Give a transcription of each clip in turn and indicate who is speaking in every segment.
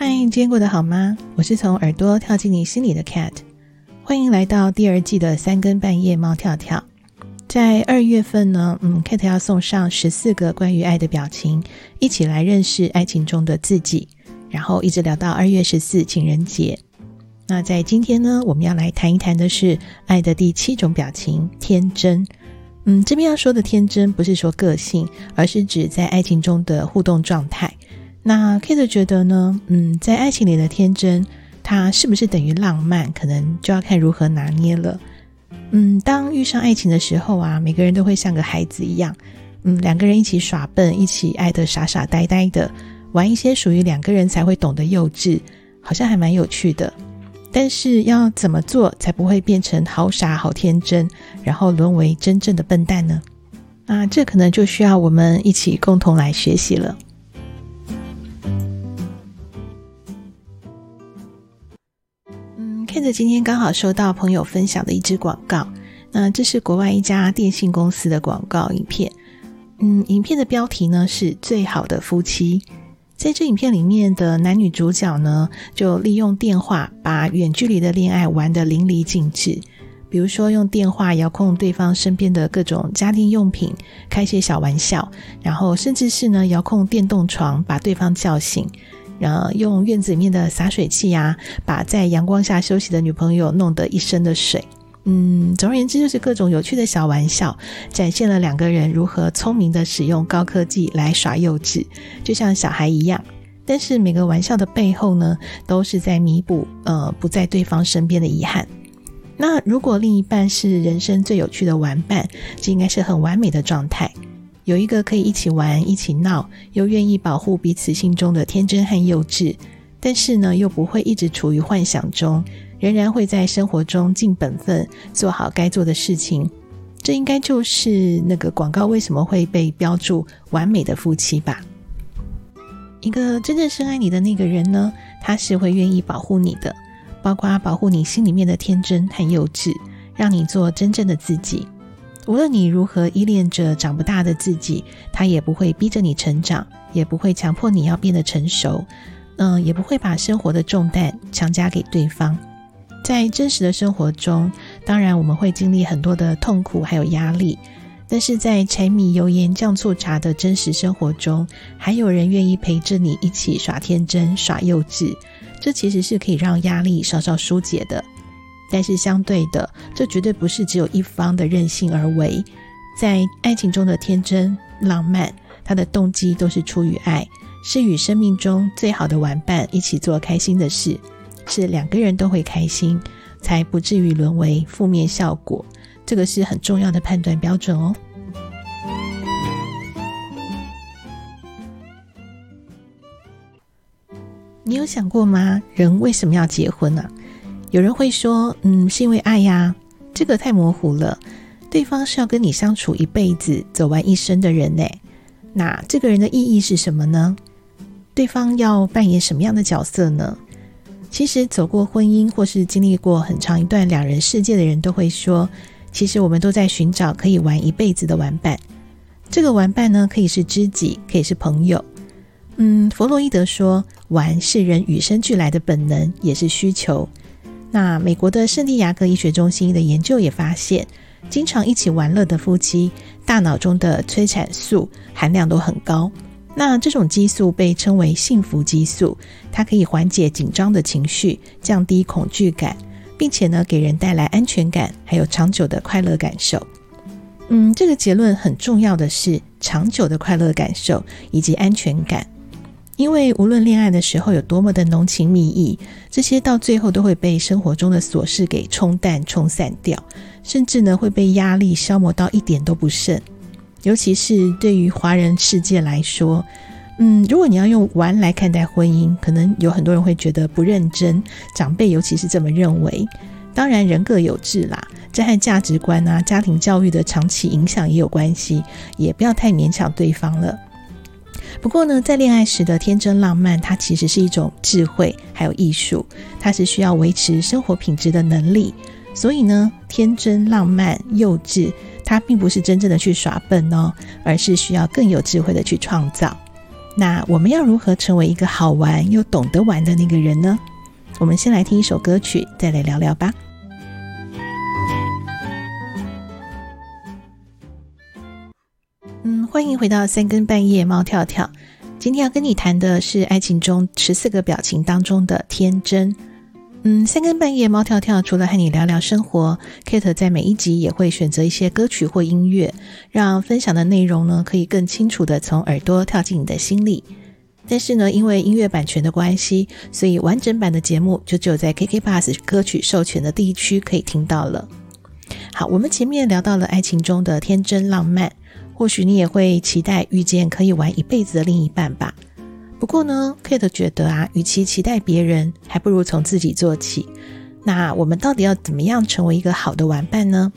Speaker 1: 嗨，今天過得好嗎？我是從耳朵跳進你心裡的 Kate，歡迎來到第二季的三更半夜貓跳跳。在二月份呢，嗯，Kate 要送上十四個關於愛的表情，一起來認識愛情中的自己，然後一直聊到二月十四情人節。那在今天呢，我們要來談一談的是愛的第七種表情——天真。嗯，這邊要說的天真，不是說個性，而是指在愛情中的互動狀態。那 Kate 覺得呢？嗯，在愛情裡的天真，它是不是等於浪漫？可能就要看如何拿捏了。嗯，當遇上愛情的時候啊，每個人都會像個孩子一樣。嗯，兩個人一起耍笨，一起愛得傻傻呆呆的，玩一些屬於兩個人才會懂的幼稚，好像還蠻有趣的。但是要怎麼做才不會變成好傻好天真，然後淪為真正的笨蛋呢？那這可能就需要我們一起共同來學習了。今天剛好收到朋友分享的一支廣告，那這是國外一家電信公司的廣告影片。嗯，影片的標題呢是“最好的夫妻”。在這影片裡面的男女主角呢，就利用電話把遠距離的戀愛玩得淋漓盡致，比如說用電話遙控對方身邊的各種家庭用品，開些小玩笑，然後甚至是呢遙控電動床把對方叫醒。然後用院子裡面的灑水器呀、啊，把在陽光下休息的女朋友弄得一身的水。嗯，總而言之就是各種有趣的小玩笑，展現了兩個人如何聰明的使用高科技來耍幼稚，就像小孩一樣。但是每個玩笑的背後呢，都是在彌補呃不在對方身邊的遺憾。那如果另一半是人生最有趣的玩伴，這應該是很完美的狀態。有一個可以一起玩、一起鬧，又願意保護彼此心中的天真和幼稚，但是呢，又不會一直處於幻想中，仍然會在生活中盡本分，做好該做的事情。這應該就是那個廣告為什麼會被標注“完美的夫妻”吧？一個真正深愛你的那個人呢，他是會願意保護你的，包括保護你心裡面的天真和幼稚，讓你做真正的自己。無論你如何依戀着長不大的自己，他也不會逼着你成長，也不會強迫你要變得成熟，嗯，也不會把生活的重擔強加給對方。在真實的生活中，當然我們會經歷很多的痛苦還有壓力，但是在柴米油鹽醬醋茶的真實生活中，還有人願意陪着你一起耍天真、耍幼稚，這其實是可以讓壓力稍稍疏解的。但是相對的，這絕對不是只有一方的任性而為，在愛情中的天真浪漫，它的動機都是出於愛，是與生命中最好的玩伴一起做開心的事，是兩個人都會開心，才不至於淪為負面效果。這個是很重要的判斷標準哦。你有想過嗎？人為什麼要結婚呢？啊？有人會說：“嗯，是因為愛呀。”這個太模糊了。對方是要跟你相處一輩子、走完一生的人呢？那這個人的意義是什麼呢？對方要扮演什麼樣的角色呢？其實，走過婚姻或是經歷過很長一段兩人世界的人都會說：“其實我們都在尋找可以玩一輩子的玩伴。”這個玩伴呢，可以是知己，可以是朋友。嗯，弗洛伊德說：“玩是人與生俱來的本能，也是需求。”那美國的聖地牙哥醫學中心的研究也發現，經常一起玩樂的夫妻，大腦中的催產素含量都很高。那這種激素被稱為幸福激素，它可以緩解緊張的情緒，降低恐懼感，並且呢，給人帶來安全感，還有長久的快樂感受。嗯，這個結論很重要的是，長久的快樂感受以及安全感。因為無論戀愛的時候有多麼的濃情蜜意，這些到最後都會被生活中的瑣事給沖淡、沖散掉，甚至呢會被壓力消磨到一點都不剩。尤其是對於華人世界來說，嗯，如果你要用玩來看待婚姻，可能有很多人會覺得不認真，長輩尤其是這麼認為。當然，人各有志啦，這和價值觀啊、家庭教育的長期影響也有關係，也不要太勉強對方了。不過呢，在戀愛時的天真浪漫，它其實是一種智慧，還有藝術，它是需要維持生活品質的能力。所以呢，天真浪漫、幼稚，它並不是真正的去耍笨哦，而是需要更有智慧的去創造。那我們要如何成為一個好玩又懂得玩的那個人呢？我們先來聽一首歌曲，再來聊聊吧。歡迎回到三更半夜，貓跳跳。今天要跟你談的是愛情中十四個表情當中的天真。嗯，三更半夜，貓跳跳除了和你聊聊生活，Kate 在每一集也會選擇一些歌曲或音樂，讓分享的內容呢可以更清楚的從耳朵跳進你的心裡。但是呢，因為音樂版權的關係，所以完整版的節目就只有在 KKBOX 歌曲授權的地區可以聽到了。好，我們前面聊到了愛情中的天真浪漫。或許你也會期待遇見可以玩一輩子的另一半吧。不過呢，Kate 覺得啊，與其期待別人，還不如從自己做起。那我們到底要怎麼樣成為一個好的玩伴呢？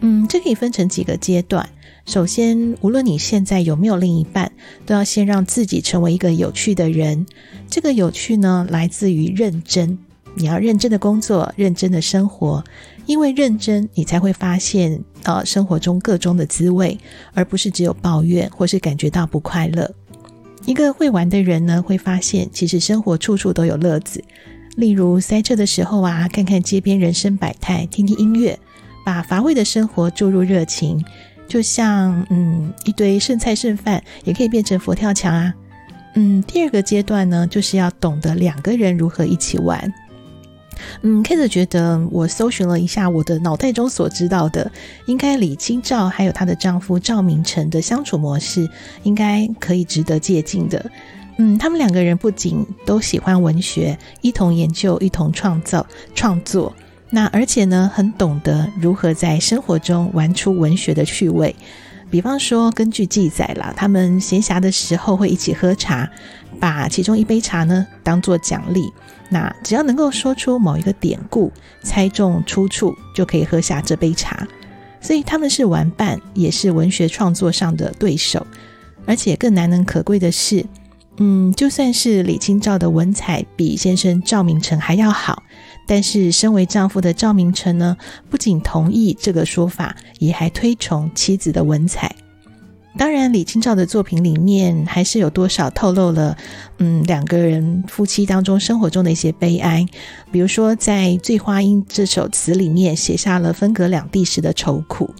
Speaker 1: 嗯，這可以分成幾個階段。首先，無論你現在有沒有另一半，都要先讓自己成為一個有趣的人。這個有趣呢，來自於認真。你要認真的工作，認真的生活。因為認真，你才會發現呃生活中各種的滋味，而不是只有抱怨或是感覺到不快樂。一個會玩的人呢，會發現其實生活處處都有樂子。例如塞車的時候啊，看看街邊人生百態，聽聽音樂，把乏味的生活注入熱情。就像嗯一堆剩菜剩飯，也可以變成佛跳牆啊。嗯，第二個階段呢，就是要懂得兩個人如何一起玩。嗯，Kate 覺得，我搜尋了一下我的腦袋中所知道的，應該李清照還有她的丈夫趙明誠的相處模式，應該可以值得借鑑的。嗯，他們兩個人不僅都喜歡文學，一同研究、一同創造創作，那而且呢，很懂得如何在生活中玩出文學的趣味。比方說，根據記載啦，他們閒暇的時候會一起喝茶，把其中一杯茶呢當做獎勵。那只要能夠說出某一個典故，猜中出處，就可以喝下這杯茶。所以他們是玩伴，也是文學創作上的對手。而且更難能可貴的是。嗯，就算是李清照的文采比先生趙明誠還要好，但是身為丈夫的趙明誠呢，不僅同意這個說法，也還推崇妻子的文采。當然，李清照的作品裡面還是有多少透露了，嗯，兩個人夫妻當中生活中的一些悲哀，比如說在《醉花陰》這首詞裡面寫下了分隔兩地時的愁苦，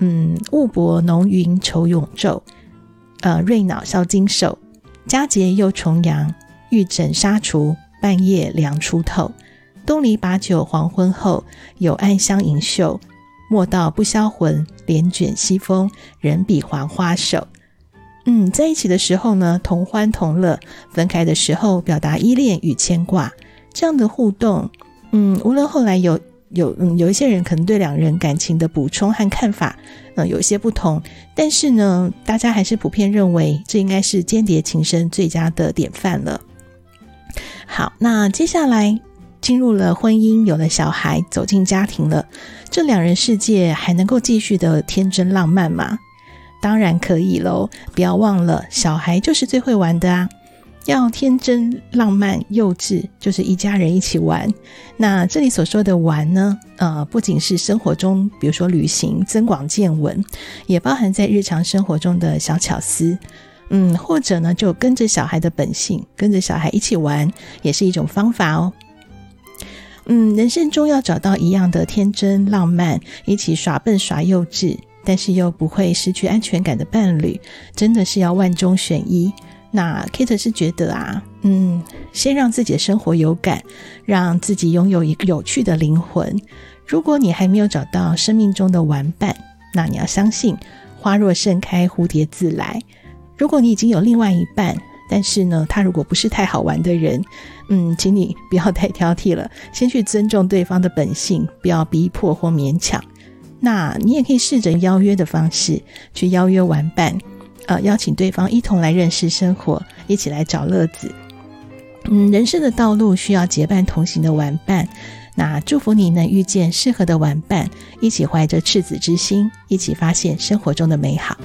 Speaker 1: 嗯，霧薄濃雲愁永晝，呃，瑞腦銷金獸。佳節又重陽，玉枕紗廚,廚，半夜涼初透。東籬把酒黃昏後，有暗香盈袖。莫道不銷魂，簾捲西風，人比黃花瘦。嗯，在一起的時候呢，同歡同樂；分開的時候，表達依戀與牽掛。這樣的互動，嗯，無論後來有。有嗯，有一些人可能對兩人感情的補充和看法，嗯、呃，有一些不同。但是呢，大家還是普遍認為這應該是鶼鰈情深最佳的典範了。好，那接下來進入了婚姻，有了小孩，走進家庭了，這兩人世界還能夠繼續的天真浪漫嗎？當然可以嘍！不要忘了，小孩就是最會玩的啊。要天真、浪漫、幼稚，就是一家人一起玩。那這裡所說的玩呢，呃，不僅是生活中，比如說旅行、增廣見聞，也包含在日常生活中的小巧思。嗯，或者呢，就跟着小孩的本性，跟着小孩一起玩，也是一種方法哦。嗯，人生中要找到一樣的天真、浪漫，一起耍笨、耍幼稚，但是又不會失去安全感的伴侶，真的是要萬中選一。那 Kate 是覺得啊，嗯，先讓自己的生活有感，讓自己擁有一個有趣的靈魂。如果你還沒有找到生命中的玩伴，那你要相信，花若盛開，蝴蝶自來。如果你已經有另外一半，但是呢，他如果不是太好玩的人，嗯，請你不要太挑剔了，先去尊重對方的本性，不要逼迫或勉強。那你也可以試着邀約的方式，去邀約玩伴。呃，邀請對方一同來認識生活，一起來找樂子。嗯，人生的道路需要結伴同行的玩伴。那祝福你能遇見適合的玩伴，一起懷着赤子之心，一起發現生活中的美好。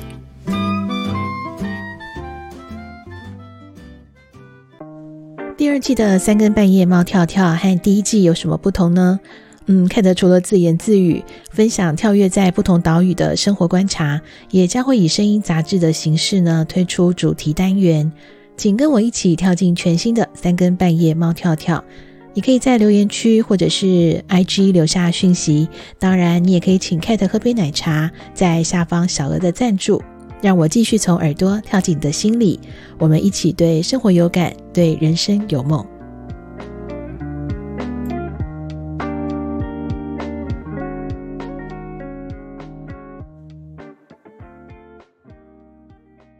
Speaker 1: 第二季的三更半夜，貓跳跳和第一季有什麼不同呢？嗯，Kate 除了自言自語、分享跳躍在不同島嶼的生活觀察，也將會以聲音雜誌的形式呢推出主題單元。請跟我一起跳進全新的三更半夜貓跳跳。你可以在留言區或者是 IG 留下訊息。當然，你也可以請 Kate 喝杯奶茶，在下方小額的贊助，讓我繼續從耳朵跳進你的心裡。我們一起對生活有感，對人生有夢。